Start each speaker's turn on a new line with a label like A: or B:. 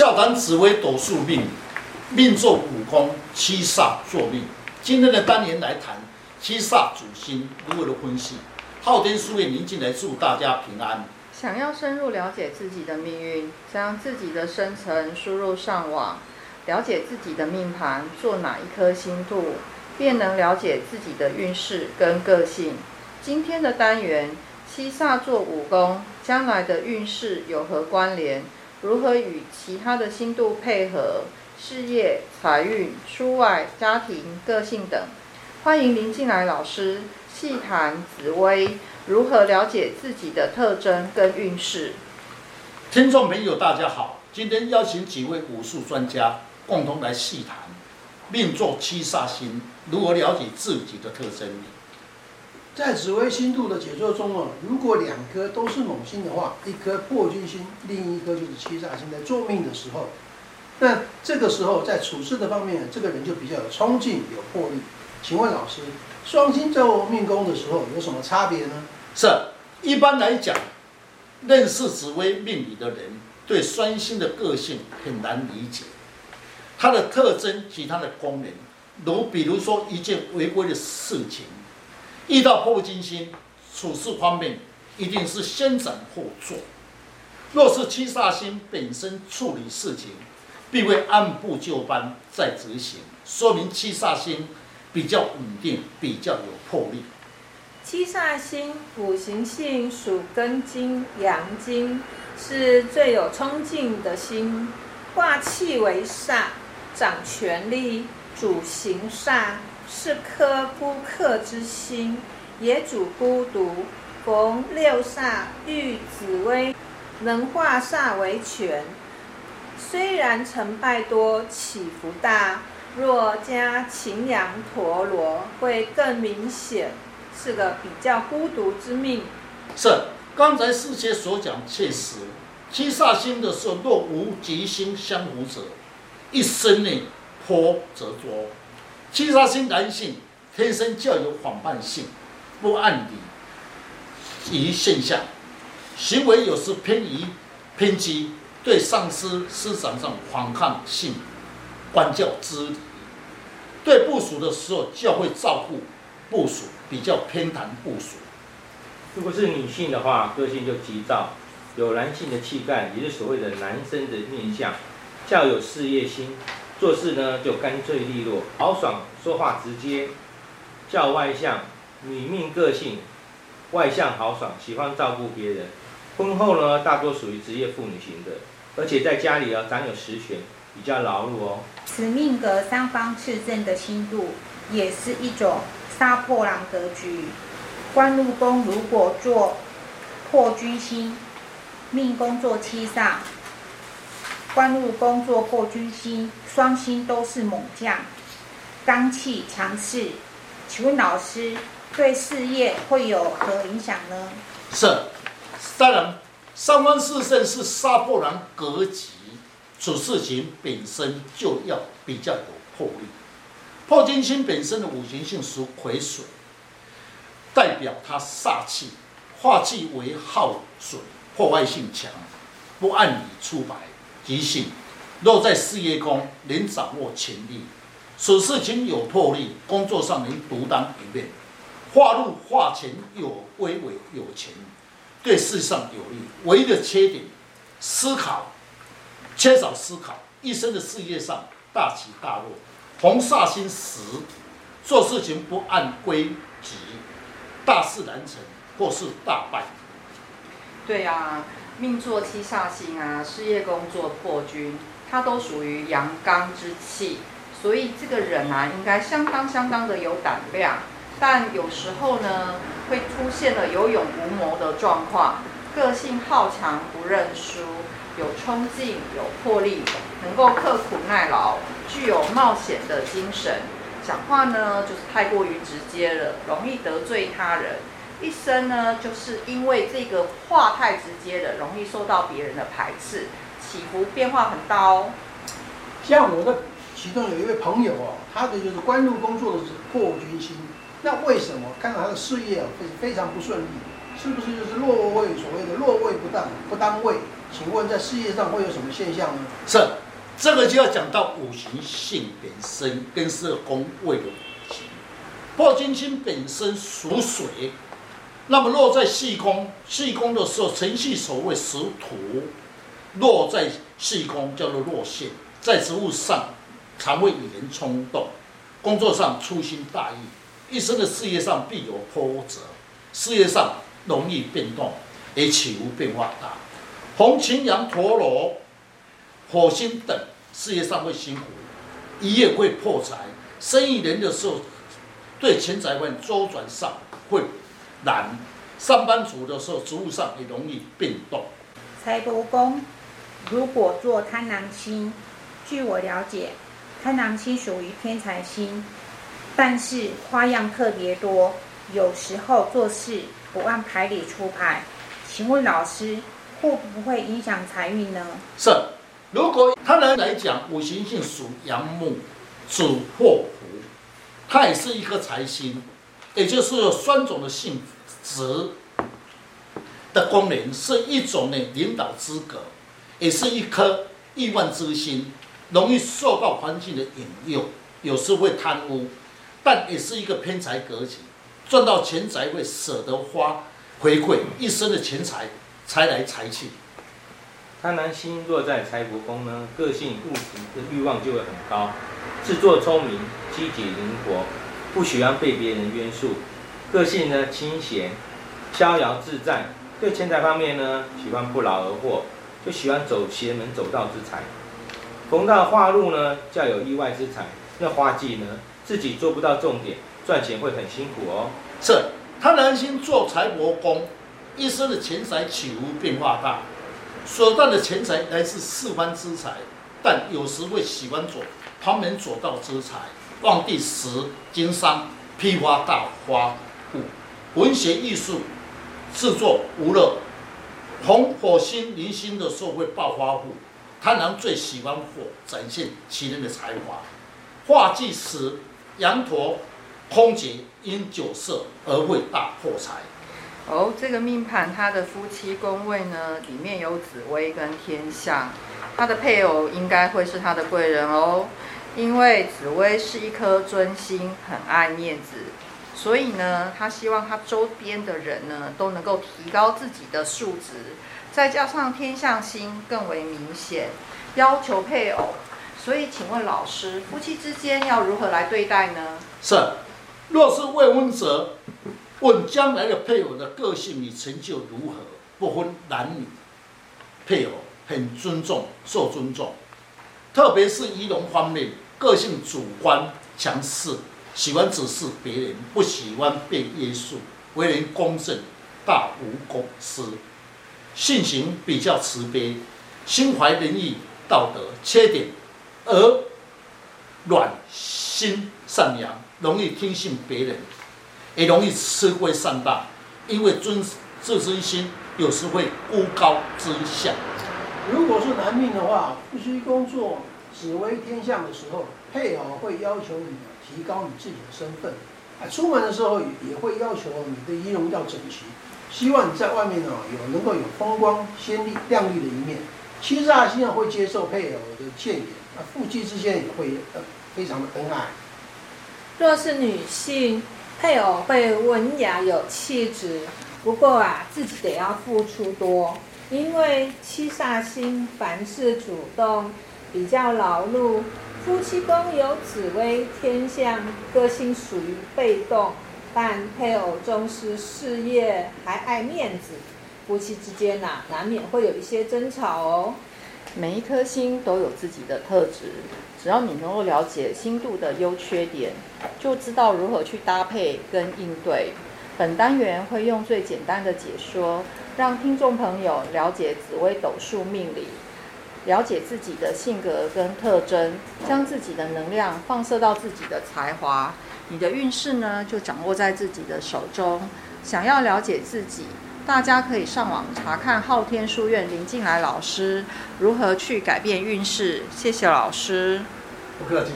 A: 笑談紫微斗數命，命坐午宮，七殺坐命。今天的單元來談七殺主星如何的分析。昊天書院林進來祝大家平安。
B: 想要深入了解自己的命運，將自己的生辰輸入上網，了解自己的命盤坐哪一顆星度，便能了解自己的運勢跟個性。今天的單元，七殺坐午宮，將來的運勢有何關聯？如何與其他的星度配合事業、財運、出外、家庭、個性等，歡迎林進來老師細談紫微，如何了解自己的特徵跟運勢。
A: 聽眾朋友，大家好，今天邀請幾位武術專家共同來細談命坐七煞星如何了解自己的特徵。在紫微星度的解說中啊，如果兩顆都是猛星的話，一顆破軍星，另一顆就是七殺星。在坐命的時候，那這個時候在處事的方面，這個人就比較有衝勁、有魄力。請問老師，雙星在命宮的時候有什麼差別呢？是啊，一般來講，認識紫微命理的人對雙星的個性很難理解，它的特徵及它的功能，如比如說一件違規的事情。遇到破不驚心，處事方面一定是先斬後奏。若是七煞星本身處理事情，必會按部就班再執行，說明七煞星比較穩定，比較有魄力。
C: 七煞星五行性屬庚金，陽金是最有衝勁的星，化氣為煞，掌權力，主行煞。是顆孤客之星，也主孤獨。逢六煞遇紫微，能化煞為權。雖然成敗多，起伏大。若加擎羊陀羅會更明顯。是個比較孤獨之命。
A: 是，剛才師姐所講切實。七煞星的時候，若無吉星相輔者，一生內頗折多。七殺星男性天生較有反叛性，不按理，一現象，行為有時偏移偏激，對上司思想上反抗性，管教之理，對部屬的時候較會照顧部屬，比較偏袒部屬。如果是女性的話，個性就急躁，有男性的氣概，也就是所謂的男生的面相，較有事業心。做事呢就乾脆利落，豪爽，說話直接，較外向，女命個性外向豪爽，喜歡照顧別人。婚後呢，大多屬於職業婦女型的，而且在家裡啊掌有實權，比較勞碌哦。
C: 此命格三方四正的星度，也是一種殺破狼格局。官祿宮如果做破軍星，命宮坐七煞。官祿工作破軍星，雙星都是猛將，剛氣強勢。請問老師，對事業會有何影響呢？
A: 是，當然，三方四正是殺破狼格局，處事情本身就要比較有魄力。破軍星本身的五行性屬癸水，代表他煞氣，化氣為耗水，破壞性強，不按理出牌。提醒：若在事業中能掌握權力，做事情有魄力，工作上能獨當一面，化祿化權有威有權，對事上有利。唯一的缺點，思考缺少思考，一生的事業上大起大落。逢煞星時，做事情不按規矩，大事難成，或是大敗。
B: 對呀、啊。命坐七煞星啊，事業宮坐破軍，它都屬於陽剛之氣，所以這個人啊，應該相當相當的有膽量，但有時候呢，會出現了有勇無謀的狀況。個性好強，不認輸，有衝勁，有魄力，能夠刻苦耐勞，具有冒險的精神。講話呢，就是太過於直接了，容易得罪他人。一生呢，就是因為這個話太直接了，容易受到別人的排斥，起伏變化
A: 很大哦。像我的其中有一位朋友哦、啊，他的就是官祿宮坐的是破軍星，那為什麼看到他的事業非、啊、非常不順利？是不是就是落位，所謂的落位不當，不當位？請問在事業上會有什麼現象呢？是，這個就要講到五行性本身跟十二宮位的五行。破軍星本身屬水。嗯那麼落在戌宮，戌宮的時候，辰戌丑未屬土，落在戌宮，叫做落陷，在職務上常會與人衝動，工作上粗心大意，一生的事業上必有波折，事業上容易變動，也起伏變化大，紅擎羊陀羅火星等事業上會辛苦，一夜會破財，生意人的時候對錢財問週轉上會。難，上班族的時候，職務上也容易變動。
C: 財帛宮，如果做貪狼星，據我了解，貪狼星屬於偏財星，但是花樣特別多，有時候做事不按牌理出牌。請問老師，會不會影響財運呢？
A: 是，如果貪狼來講，五行性屬陽木，主禍福，它也是一顆財星。也就是有三種的性質的功能，是一種呢領導資格，也是一顆億萬之心，容易受到環境的引誘，有時會貪污，但也是一個偏財格局，賺到錢才會捨得花，回饋一生的錢財，財來財去。貪狼星若在財帛宮呢，個性物質的慾望就會很高，自作聰明，積極靈活。不喜歡被別人約束，個性呢，清閒，逍遙自在。對錢財方面呢，喜歡不勞而獲，就喜歡走邪門走道之財。逢到化祿呢，較有意外之財。那化忌呢，自己做不到重點，賺錢會很辛苦哦。是，貪狼星坐財帛宮，一生的錢財起伏變化大，所賺的錢財乃是四方之財，但有時會喜歡左。旁門左道之財，旺地時，經商、批發大發富，文學藝術製作娛樂，紅火星鈴星的時候會暴發戶，貪狼最喜歡火，展現其人的才華。化忌時、羊陀、空劫因酒色而會大破財。哦，這個命
B: 盤他的夫妻宮位呢，裡面有紫微跟天相，他的配偶應該會是他的貴人哦。因為紫薇是一顆尊星、很愛面子，所以呢，他希望他周邊的人呢都能夠提高自己的素質。再加上天相星更為明顯，要求配偶，所以請問老師，夫妻之間要如何來對待呢？
A: 是，若是未婚者，問將來的配偶的個性與成就如何，不分男女，配偶很尊重，受尊重。特別是儀容方面，個性主觀強勢，喜歡指示別人，不喜歡被約束；為人公正，大公無私，性情比較慈悲，心懷仁義，道德。缺點：耳軟心善良，容易聽信別人，也容易吃虧上當，因為尊自尊心有時會孤高自大。如果是男命的話，夫妻宮坐紫微天相的時候，配偶會要求你提高你自己的身份，出門的時候也會要求你的儀容要整齊，希望你在外面呢有能夠有風光、鮮麗、亮麗的一面。其實七殺星會接受配偶的諫言，那夫妻之間也會、呃、非常的恩愛。若是女
C: 性，配偶會文雅有氣質，不過啊，自己得要付出多。因為七殺星凡事主動，比較勞碌。夫妻宮有紫微天相，個性屬於被動，但配偶重視事業，還愛面子。夫妻之間吶、啊，難免會有一些爭吵哦。
B: 每一顆星都有自己的特質，只要你能夠了解星度的優缺點，就知道如何去搭配跟應對。本單元會用最簡單的解說。讓聽眾朋友了解紫微斗數命理，了解自己的性格跟特徵，將自己的能量放射到自己的才華，你的運勢呢就掌握在自己的手中。想要了解自己，大家可以上網查看昊天書院林進來老師如何去改變運勢。謝謝老師。
A: 不客氣。